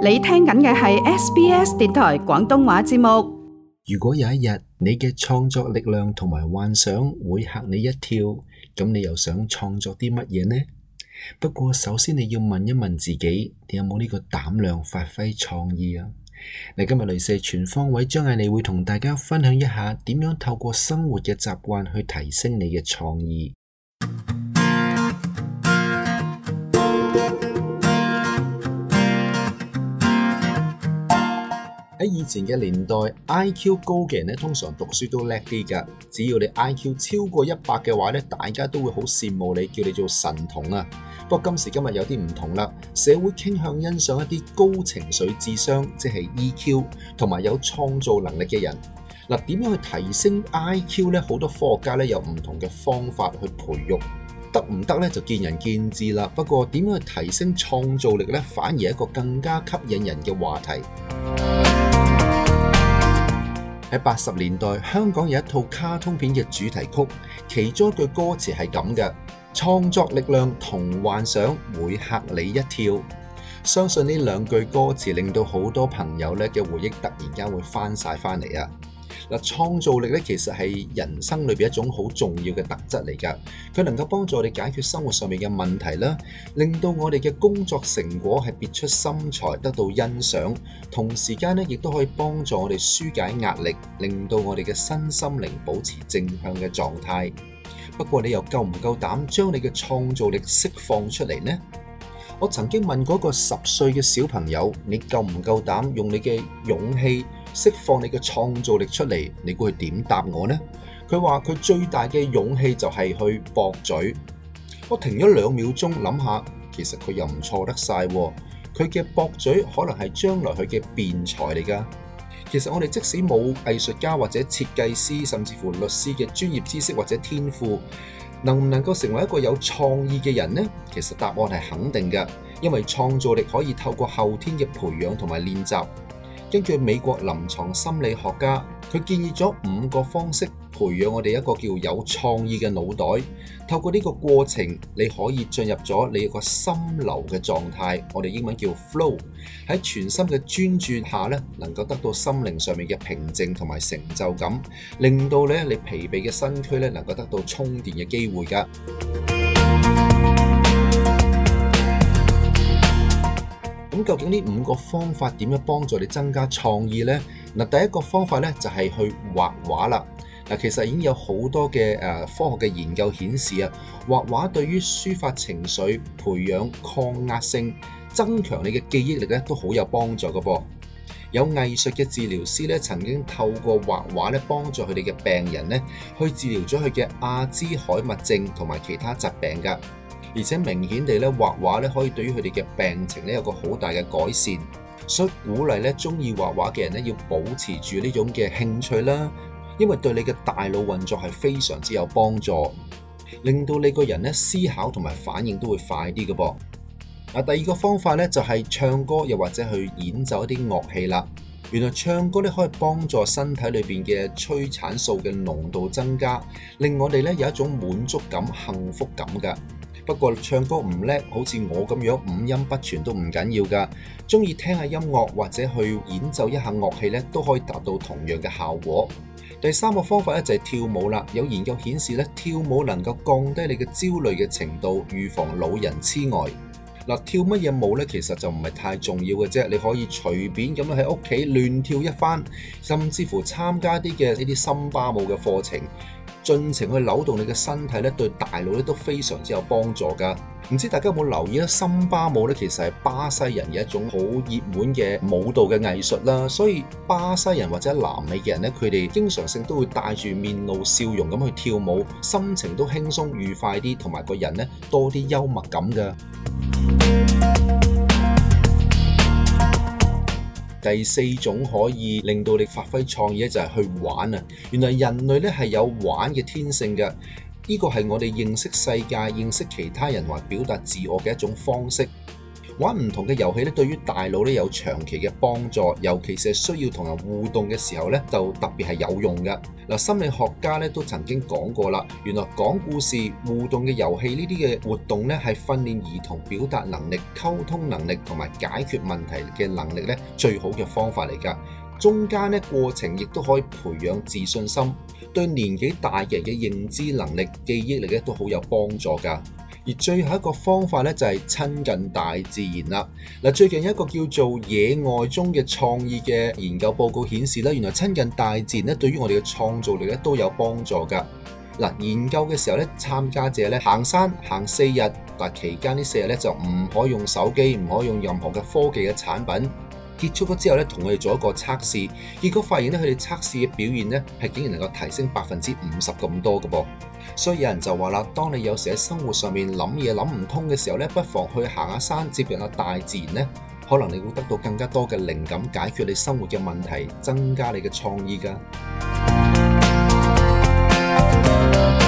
你聽緊嘅係 SBS 電台廣東話節目。如果有一日你嘅創作力量同埋幻想會吓你一跳，咁你又想創作啲乜嘢呢？不過首先你要問一問自己，你有冇呢個膽量發揮創意啊？嚟今日鐳射全方位張艾利會同大家分享一下點樣透過生活嘅習慣去提升你嘅創意。喺以前嘅年代，IQ 高嘅人咧通常讀書都叻啲噶。只要你 IQ 超過一百嘅話咧，大家都會好羨慕你，叫你做神童啊。不過今時今日有啲唔同啦，社會傾向欣賞一啲高情緒智商，即係 EQ，同埋有創造能力嘅人。嗱、啊，點樣去提升 IQ 咧？好多科學家咧有唔同嘅方法去培育，得唔得咧就見仁見智啦。不過點樣去提升創造力咧，反而係一個更加吸引人嘅話題。喺八十年代，香港有一套卡通片嘅主題曲，其中一句歌詞係咁嘅：創作力量同幻想會嚇你一跳。相信呢兩句歌詞令到好多朋友咧嘅回憶突然間會翻晒翻嚟啊！嗱，創造力咧，其實係人生裏面一種好重要嘅特質嚟㗎。佢能夠幫助我哋解決生活上面嘅問題啦，令到我哋嘅工作成果係別出心裁，得到欣賞。同時間咧，亦都可以幫助我哋疏解壓力，令到我哋嘅身心靈保持正向嘅狀態。不過，你又夠唔夠膽將你嘅創造力釋放出嚟咧？我曾經問過一個十歲嘅小朋友：你夠唔夠膽用你嘅勇氣？釋放你嘅創造力出嚟，你估佢點答我呢？佢話佢最大嘅勇氣就係去駁嘴。我停咗兩秒鐘諗下，其實佢又唔錯得晒。佢嘅駁嘴可能係將來佢嘅辯才嚟噶。其實我哋即使冇藝術家或者設計師，甚至乎律師嘅專業知識或者天賦，能唔能夠成為一個有創意嘅人呢？其實答案係肯定嘅，因為創造力可以透過後天嘅培養同埋練習。根據美國臨床心理學家，佢建議咗五個方式培養我哋一個叫有創意嘅腦袋。透過呢個過程，你可以進入咗你一個心流嘅狀態，我哋英文叫 flow。喺全心嘅專注下咧，能夠得到心靈上面嘅平靜同埋成就感，令到咧你疲憊嘅身軀咧能夠得到充電嘅機會㗎。究竟呢五個方法點樣幫助你增加創意呢？嗱，第一個方法呢，就係去畫畫啦。嗱，其實已經有好多嘅誒科學嘅研究顯示啊，畫畫對於抒發情緒、培養抗壓性、增強你嘅記憶力咧，都好有幫助㗎噃。有藝術嘅治療師咧，曾經透過畫畫咧幫助佢哋嘅病人咧去治療咗佢嘅阿茲海默症同埋其他疾病㗎。而且明顯地咧，畫畫咧可以對於佢哋嘅病情咧有個好大嘅改善，所以鼓勵咧鍾意畫畫嘅人咧要保持住呢種嘅興趣啦，因為對你嘅大腦運作係非常之有幫助，令到你個人咧思考同埋反應都會快啲嘅噃。嗱，第二個方法咧就係唱歌又或者去演奏一啲樂器啦。原來唱歌咧可以幫助身體裏邊嘅催產素嘅濃度增加，令我哋咧有一種滿足感、幸福感㗎。不過唱歌唔叻，好似我咁樣五音不全都唔緊要噶。中意聽下音樂或者去演奏一下樂器咧，都可以達到同樣嘅效果。第三個方法咧就係、是、跳舞啦。有研究顯示咧，跳舞能夠降低你嘅焦慮嘅程度，預防老人痴呆。嗱、呃，跳乜嘢舞咧，其實就唔係太重要嘅啫。你可以隨便咁喺屋企亂跳一番，甚至乎參加啲嘅呢啲森巴舞嘅課程。盡情去扭動你嘅身體咧，對大腦咧都非常之有幫助㗎。唔知大家有冇留意咧？森巴舞咧其實係巴西人嘅一種好熱門嘅舞蹈嘅藝術啦。所以巴西人或者南美嘅人咧，佢哋經常性都會帶住面露笑容咁去跳舞，心情都輕鬆愉快啲，同埋個人咧多啲幽默感㗎。第四種可以令到你發揮創意咧，就係去玩啊！原來人類咧係有玩嘅天性嘅，呢個係我哋認識世界、認識其他人或表達自我嘅一種方式。玩唔同嘅遊戲咧，對於大腦咧有長期嘅幫助，尤其是係需要同人互動嘅時候咧，就特別係有用嘅。嗱，心理學家咧都曾經講過啦，原來講故事、互動嘅遊戲呢啲嘅活動咧，係訓練兒童表達能力、溝通能力同埋解決問題嘅能力咧最好嘅方法嚟㗎。中間咧過程亦都可以培養自信心，對年紀大嘅人嘅認知能力、記憶力咧都好有幫助㗎。而最後一個方法咧，就係親近大自然啦。嗱，最近一個叫做《野外中嘅創意》嘅研究報告顯示咧，原來親近大自然咧，對於我哋嘅創造力咧都有幫助㗎。嗱，研究嘅時候咧，參加者咧行山行四日，嗱，期間呢四日咧就唔可以用手機，唔可以用任何嘅科技嘅產品。結束咗之後咧，同佢哋做一個測試，結果發現咧，佢哋測試嘅表現咧係竟然能夠提升百分之五十咁多嘅噃，所以有人就話啦，當你有時喺生活上面諗嘢諗唔通嘅時候咧，不妨去行下山，接近下大自然咧，可能你會得到更加多嘅靈感，解決你生活嘅問題，增加你嘅創意噶